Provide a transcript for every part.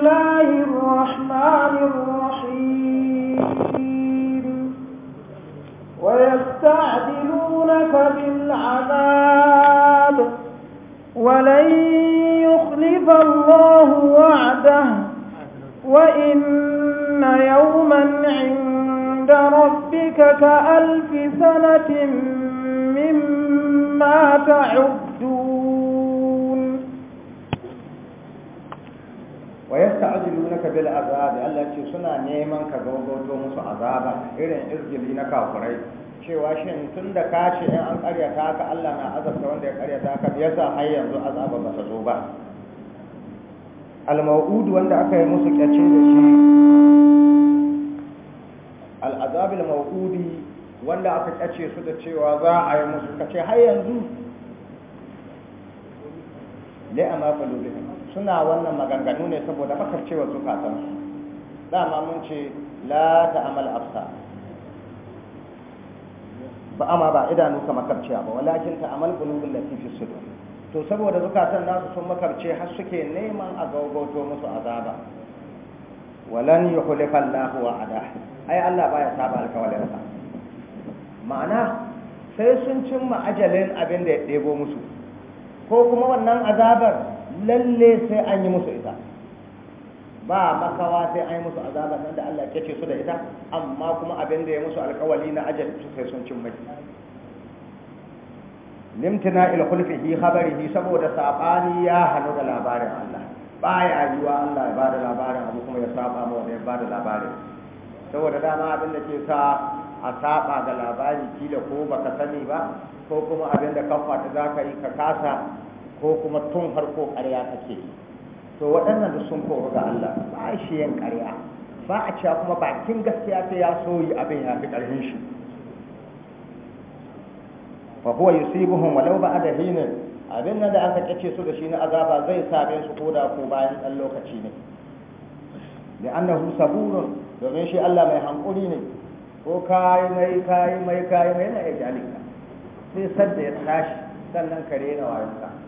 الله الرحمن الرحيم ويستعجلونك بالعذاب ولن يخلف الله وعده وإن يوما عند ربك كألف سنة مما تعد wa yasta'jilunaka bil azab Allah ce suna neman ka gaugauto musu azaba irin izgili na kafirai cewa shin tun da ka ce in an karyata ka Allah na azabta wanda ya karyata ka yasa har yanzu azaba ba ta zo ba al-maw'ud wanda aka yi musu kyacce da shi al-azab al-maw'udi wanda aka kyace su da cewa za a yi musu kace har yanzu la'ama amafalu bihim suna wannan maganganu ne saboda makarcewa zukatansu dama mun ce la ta'amal afsa ba amma ba idanu ka makarciya ba walakin ta'amal qulubul lati fi sudur to saboda zukatan nasu sun makarce har suke neman a gaugauto musu azaba walan yukhlifa Allahu wa'ada ai Allah baya saba alkawalinsa ma'ana sai sun cimma ajalin abin da ya ɗebo musu ko kuma wannan azabar lalle sai an yi musu ita ba makawa sai an yi musu azaba nan da Allah ke ce su da ita amma kuma abin da ya musu alkawali na ajal su sai sun cin mai limtina il khulfihi khabarihi saboda sabani ya hanu da labarin Allah baya yiwa Allah ya bada labarin amma kuma ya saba mu da ya bada labarin saboda dama abin da ke sa a saba da labari kila ko baka sani ba ko kuma abin da kafa ta zaka yi ka kasa ko kuma tun harko ƙarya kake yi to waɗannan da sun koru ga Allah ba shi yin ƙarya ba a cewa kuma bakin gaskiya ta ya so yi abin ya fi ƙarfin shi fa huwa yusibuhum walau ba'da hinin abin nan da aka kace su da shi na azaba zai same su ko ko bayan dan lokaci ne da annahu saburun domin shi Allah mai hankuri ne ko kayi mai kayi mai kayi mai na ya sai sadda ya tashi sannan kare na wayanka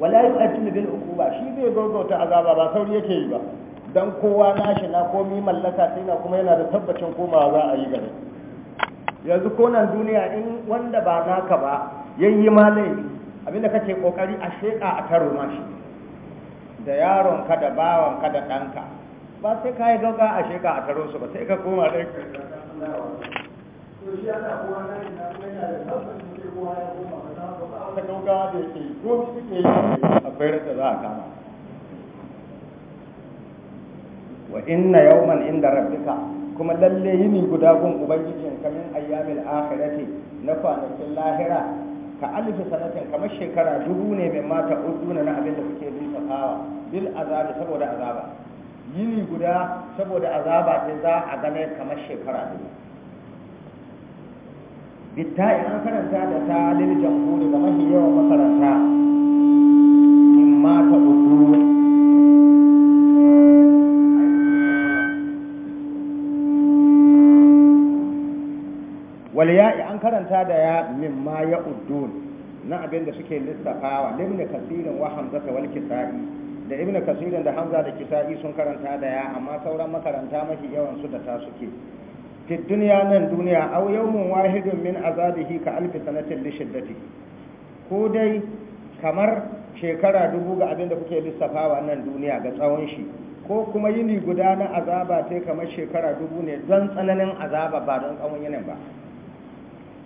wala yu'ajjilu bil hukuma shi zai gaugauta azaba ba sauri yake yi ba dan kowa nashi na komi mallaka sai na kuma yana da tabbacin komawa za a yi gare yanzu ko nan duniya in wanda ba naka ba yayi ma laifi abinda kake kokari a sheka a taro shi da yaron ka da bawan ka da danka ba sai ka yi a sheka a taro su ba sai ka koma da to shi ana kowa na yana da tabbacin kowa ya koma ta gaugawa da yake gobe suke yi akwai rasa za a kama wa inna yawman inda rabbika kuma lalle yini guda gun ubangijin kamin ayyamin akhirati na kwanakin lahira ka alifi sanatin kamar shekara dubu ne mai mata uduna na abin da kuke lissafawa bil azabi saboda azaba yini guda saboda azaba ce za a gane kamar shekara dubu bitta an karanta da ta lil jamhuri da mafi yawan makaranta in ma ta uku wal ya'i an karanta da ya min ya uddun na abin da suke lissafawa limni kasirin wa hamzata wal kisa'i da ibn kasirin da hamza da kisa'i sun karanta da ya amma sauran makaranta mafi yawan su da ta suke في duniya nan duniya أو يوم واحد min azabihi ka سنة sanatin كودي كمر ko dai kamar shekara dubu ga الدنيا da kuke lissafawa nan duniya ga ko kuma yini guda na azaba sai kamar shekara dubu ne don tsananin azaba ba don tsawon yinin ba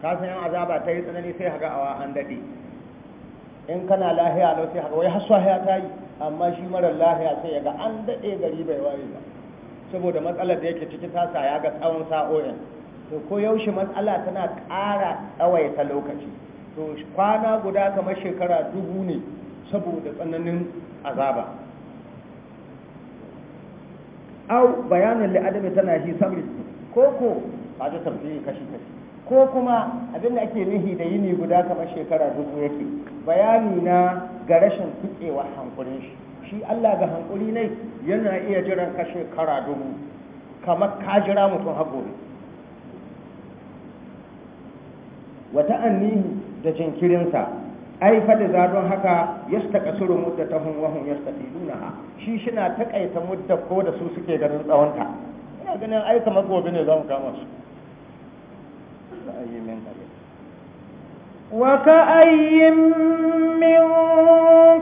kasan yan azaba ta yi tsanani sai haga awa an daɗe in kana lahiya lau sai haga wai haswa ya ta yi amma shi marar lahiya sai ya ga an daɗe gari bai waye ba saboda matsalar da yake ciki tasa ya ga tsawon sa'o'in to ko yaushe matsala tana ƙara tsawaita lokaci to kwana guda kamar shekara dubu ne saboda tsananin azaba au bayanin li'adami tana shi sabri ko ko ba ta tafiye kashi kashi ko kuma abinda ake nihi da yini guda kamar shekara dubu yake bayani na ga rashin tukewa hankulin shi shi Allah ga hankuli ne yana iya jiran ka shekara dubu kamar ka jira mutum haƙuri wata annihi da jinkirinsa ai faɗi za don haka ya staka suru mudda ta hun wahun ya stafi dunaha shi shina taƙaita mudda ko da su suke garin tsawonta ina ganin ai kamar gobe ne za mu kama su Wa ka وكأي min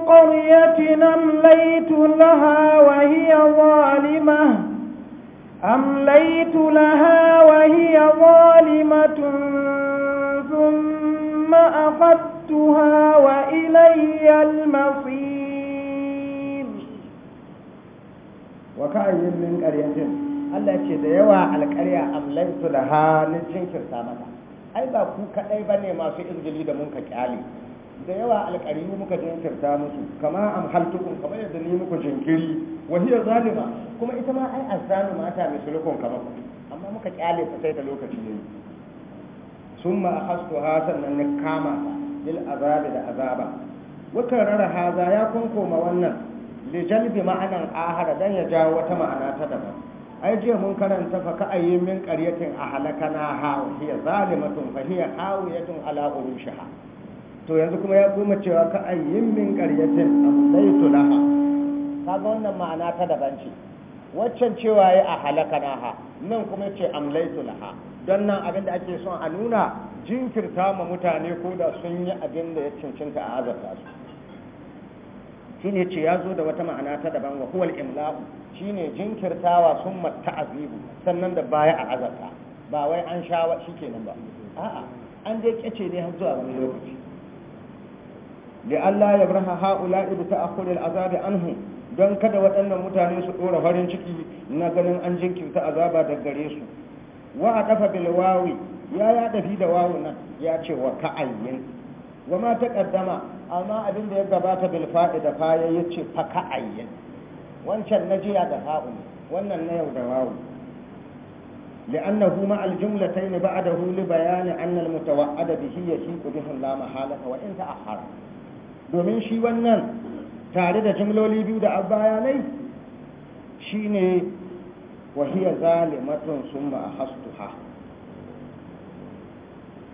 qaryat أمليت لها وهي ظالمة أمليت لها وهي ظالمة ثم أخذتها وإلي المصير وكأي من قرية Allah ce da yawa alƙarya amlaitu laha ni jinkirta mata ai ba ku kaɗai ba ne masu izgili da mun ka kyale da yawa alƙarimu muka jinkirta musu kama amhaltukum kamar yadda ni muku jinkiri wa hiya zalima kuma ita ma ai mai ta kama ku amma muka kyale ta sai ta lokaci ne summa akhastuha sannan na kama ta bil azabi da azaba Wata rara haza ya kunkoma wannan li jalbi ma'anan ahara dan ya jawo wata ma'ana ta daban ai jiya mun karanta fa ka ayi min qaryatin ahlakana ha hiya zalimatun fa hiya hawiyatun ala urushiha to yanzu kuma ya kuma cewa ka ayyin min qaryatin amlaytu laha kaga wannan ma'ana ta daban ce waccan cewa ya a ha nan kuma ce na laha don nan abin da ake son a nuna jinkirta ma mutane ko da sun yi abin da ya cancanta a azarta su shi ne ce ya zo da wata ma'ana ta daban wa huwal imla'u ne jinkirtawa sun ta'azibu sannan da baya a azarta ba wai an sha wa nan ba a'a an dai kace ne har zuwa wani lokaci da Allah ya barha haula ibu ta akhulil azabi anhu don kada waɗannan mutane su ɗora farin ciki na ganin an jinkirta azaba da gare su wa adafa bil wawi ya ya dafi da wawu nan ya ce wa ka'ayyin wa ma ƙaddama amma abin da ya gabata bil fa'i da fa ya ce fa ka'ayyin wancan na jiya da fa'u wannan na yau da wawu لأنه مع الجملتين بعده لبيان أن المتوعد به يشيك به لا محالة وإن تأخر domin shi wannan tare da jimloli biyu da abayanai shi ne wahiyya zalimatun sun ha.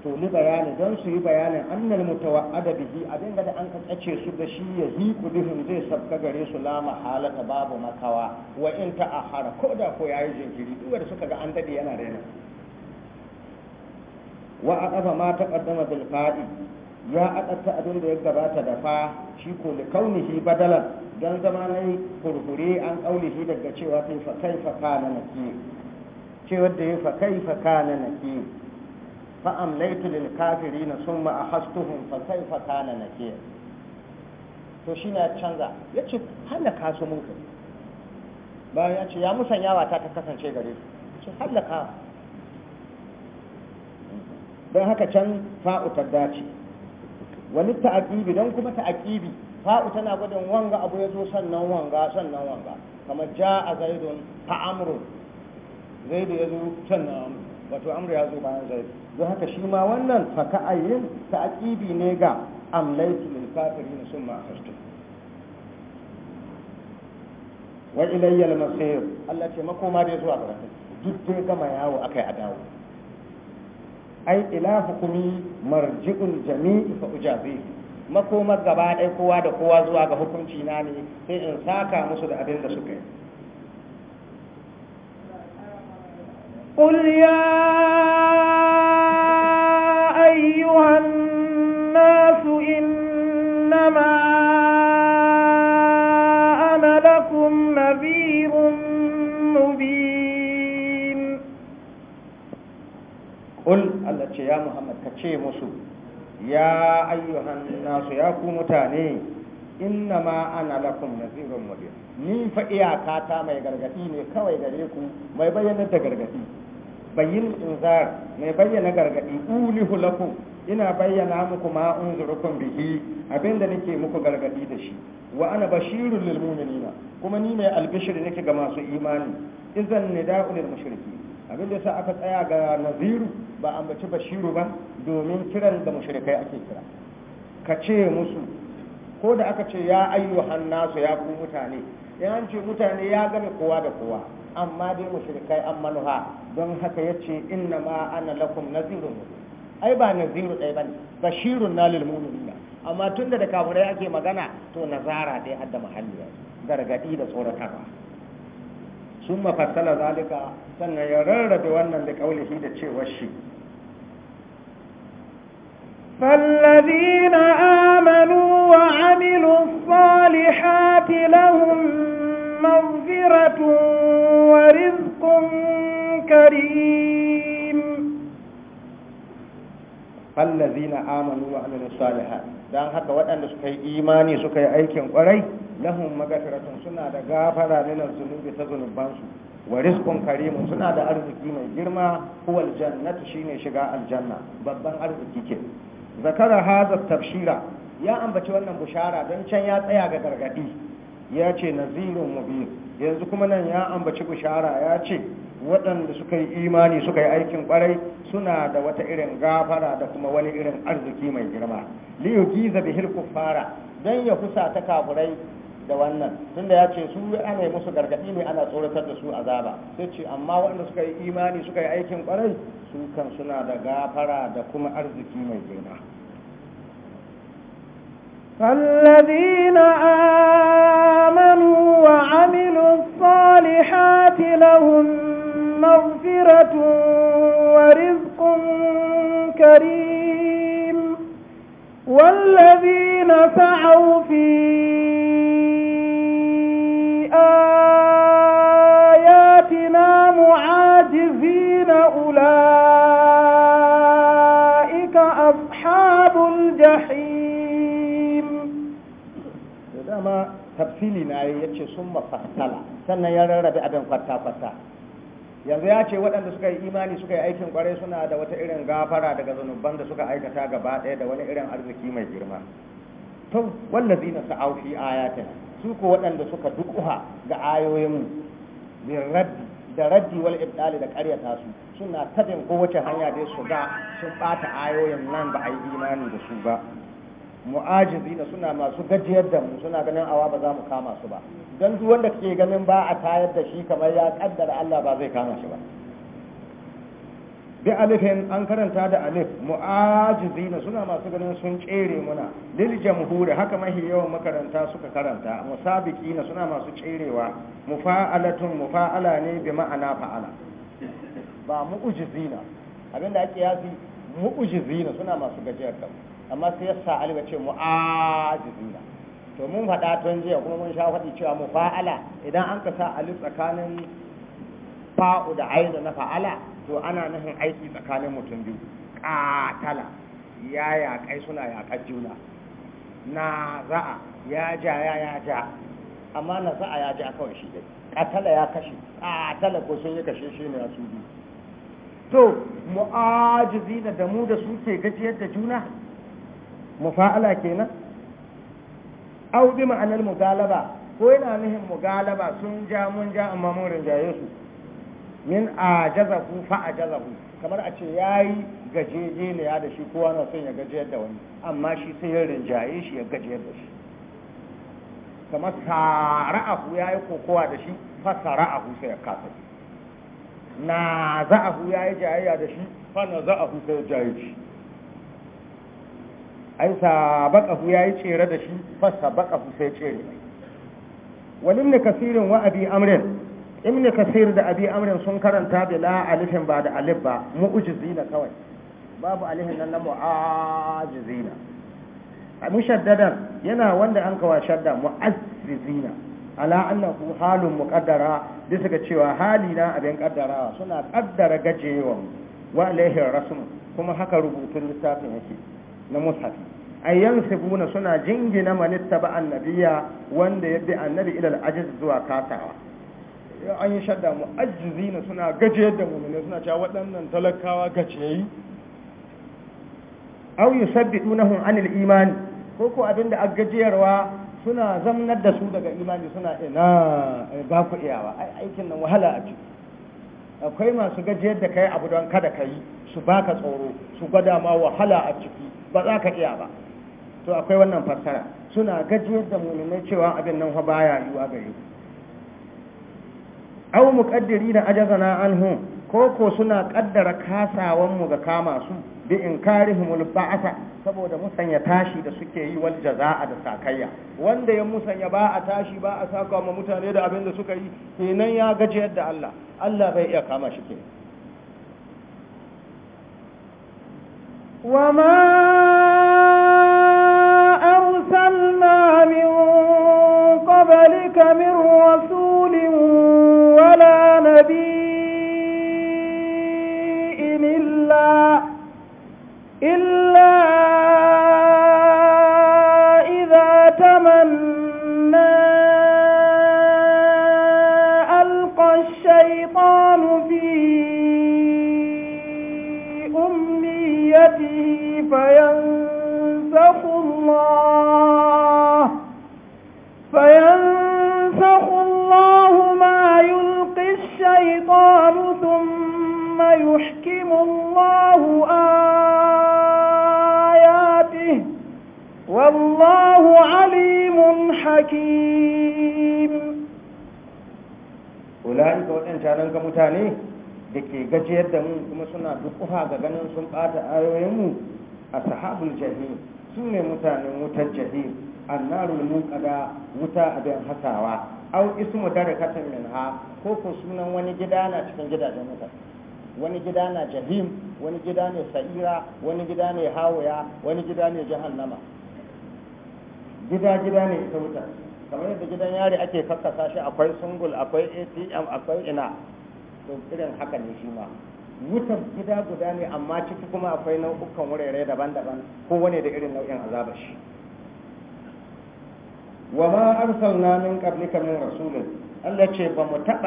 to ni bayani don su yi bayanin annal mutawa'ada bihi abinda da an tsace su da shi ya yi duhun zai sabka gare su lama halata babu makawa wa in ta ahara ko da ko yayi jinkiri duwar suka ga an dade yana daina wa ƙafa ma ta ƙaddama fadi ya adatta abin da ya gabata da fa shi ko da kaunihi badalan don zama na kurkure an kaunihi daga cewa sai fa kai fa kana naki cewar da ya fa kai fa kana naki fa amlaitu lil kafirina summa ahastuhum fa kai fa kana naki to shi na canza ya ce hallaka su mun kai bayan ya ce ya musanyawa ta ta kasance gare su ce halaka don haka can fa'u ta dace wani ta'aqibi dan kuma ta'aqibi fa'u tana gwadan wanga abu ya zo sannan wanga sannan wanga kamar ja'a zaidun fa amru zaidu ya zo sannan wato amru ya zo bayan zaidu don haka shi ma wannan fa ka'ayin ta'aqibi ne ga amlaytu lil kafirin summa akhashtu wa ilayya al masir Allah ce makoma a zuwa ta, duk dai gama yawo akai a dawo ai ila hukumi marji'ul jami'i fa ujabi Makoma gaba ɗaya kowa da kowa zuwa ga hukunci na ne sai in saka musu da abin da suka yi قل يا أيها ka ce musu ya ayyuhan nasu ya ku mutane inna ma ana lakum nazirun mubin ni fa iyaka ta mai gargadi ne kawai gare ku mai bayyana da gargadi bayyin inzar mai bayyana gargadi ulihu lakum ina bayyana muku ma unzurukum bihi abinda nake muku gargadi da shi wa ana bashirul lil mu'minina kuma ni mai albishir nake ga masu imani idan nida'u lil mushriki abinda sa aka tsaya ga naziru ba bace bashiru ba domin kiran da mushrikai ake kira ka ce musu ko da aka ce ya ayyu nasu ya ku mutane in an ce mutane ya gane kowa da kowa amma dai mushrikai an manuha don haka ya yace inna ma ana lakum nazirun ai ba naziru ɗaya ne bashirun na lil mu'minina amma tunda da kafirai ake magana to nazara dai hadda mahalliya gargadi da tsoratarwa sun mafassala zalika sannan ya rarrabe wannan da kaulihi da cewar shi فالذين آمنوا وعملوا الصالحات wa مغفرة ورزق كريم فالذين wa وعملوا الصالحات dan haka waɗanda suka yi imani suka yi aikin kwarai? lahum magfiratun suna da gafara min zunubi ta zunubansu wa rizqun karimun suna da arziki mai girma huwa jannatu shine shiga aljanna babban arziki ke zakara haza tafshira ya ambaci wannan bushara don can ya tsaya ga gargadi ya ce nazirun mubin yanzu kuma nan ya ambaci bushara ya ce waɗanda suka yi imani suka yi aikin ƙwarai suna da wata irin gafara da kuma wani irin arziki mai girma liyu giza bihil kuffara don ya kusa ta kafurai da wannan tunda ya ce su ana yi musu gargaɗi ne ana tsoratar da su azaba sai ce amma waɗanda suka yi imani suka yi aikin ƙwarai su kan suna da gafara da kuma arziki mai girma الذين آمنوا وعملوا الصالحات لهم مغفرة ورزق كريم والذين سعوا فيه tafsili na yi ya ce sun mafassala sannan ya rarrabe abin kwata-kwata yanzu ya ce waɗanda suka yi imani suka yi aikin kwarai suna da wata irin gafara daga zunuban da suka aikata gaba ɗaya da wani irin arziki mai girma to wanda zina su fi ayatin su ko waɗanda suka dukuha ga ayoyinmu min rabbi da raddi wal ibdali da ƙaryata su suna tabin kowace hanya dai su ga sun ɓata ayoyin nan ba a yi imani da su ba mu'ajizina suna masu gajiyar da mu suna ganin awa ba za mu kama su ba don duk wanda ke ganin ba a tayar da shi kamar ya kaddara Allah ba zai kama shi ba bi alifin an karanta da alif mu'ajizina suna masu ganin sun tsere muna lil jamhuri haka mahi yawan makaranta suka karanta musabiqina suna masu tserewa mufa'alatun mufa'ala ne bi ma'ana fa'ala ba mu'ujizina abinda ake yasi mu'ujizina suna masu gajiyar da mu amma sai ya sa alba ce mu'ajizina to mun faɗa tun jiya kuma mun sha faɗi cewa mu fa'ala idan an ka sa alif tsakanin fa'u da ainu na fa'ala to ana nufin aiki tsakanin mutum biyu ƙatala ya yaƙai suna yaƙar juna na za'a ya ja ya ya ja amma na za'a ya ja kawai shi dai ƙatala ya kashe ƙatala ko sun yi kashe shi ne a su biyu to mu'ajizina da mu da su ke gajiyar da juna mufa'ala kenan au bi ma'anar mugalaba ko yana nihin mugalaba sun ja mun ja amma mun rinjaye su min a jazahu fa a jazahu kamar a ce ya yi gajeje ne ya da shi kowa na son ya gajiyar da wani amma shi sai ya rinjaye shi ya gajiyar da shi kamar sara'ahu ya yi kokowa da shi fa sara'ahu sai ya kasa na za'ahu ya yi jayayya da shi fa na za'ahu sai ya jayayya. ai ya yayi cere da shi fa hu sai cere wani ne kasirin wa abi amrin ibn kasir da abi amrin sun karanta da la alifin ba da alif ba mu'jizina kawai babu alifin nan na abin shaddadan yana wanda an kawa shadda mu'azzizina ala annahu halun muqaddara bisa ga cewa hali na abin kaddarawa suna kaddara gajewa wa alaihi rasul kuma haka rubutun littafin yake na mushafi ay yansibuna suna jingina manitta ittaba annabiya wanda yabi annabi ila al-ajiz zuwa kasawa an yi shadda mu ajizina suna gajiyar da mu'mini suna cewa waɗannan talakawa yi aw yusabbidunahum anil imani ko ko abinda aggajiyarwa suna zamnar da su daga imani suna ina eh, ba ku iyawa ai aikin nan wahala a ciki akwai masu gajiyar da kai abu don kada ka yi su baka tsoro su gwada ma wahala a ciki ba za ka iya ba to akwai wannan fassara suna gajiyar da mulmai cewa abin nan fa baya yiwa gare ku au muqaddiri da ajazana anhu ko ko suna kaddara kasawan mu ga kama su bi inkarihumul ba'asa saboda musanya tashi da suke yi wal jaza'a da sakayya wanda ya musanya ba a tashi ba a saka mutane da abin da suka yi kenan ya gajiyar da Allah Allah bai iya kama shi kenan وما أرسلنا من قبلك من رسول hakim ula'ika waɗancan ga mutane da ke gajiyar da mu kuma suna dukufa ga ganin sun ɓata ayoyinmu a sahabul jahim su ne mutanen wutar jahim annarul kada wuta abin hasawa au ismu min ha ko ko sunan wani gida na cikin gidajen wuta wani gida na jahim wani gida ne sa'ira wani gida ne hawaya wani gida ne jahannama gida-gida ne ita wuta kamar yadda gidan yari ake kakkasa shi akwai sungul akwai atm akwai ina to irin haka ne shi ma wutar gida guda ne amma ciki kuma akwai nau'ukan wurare daban-daban kowane da irin nau'in azabar shi wa ma arsalna min qablika min rasulin Allah ce ba mu taɓa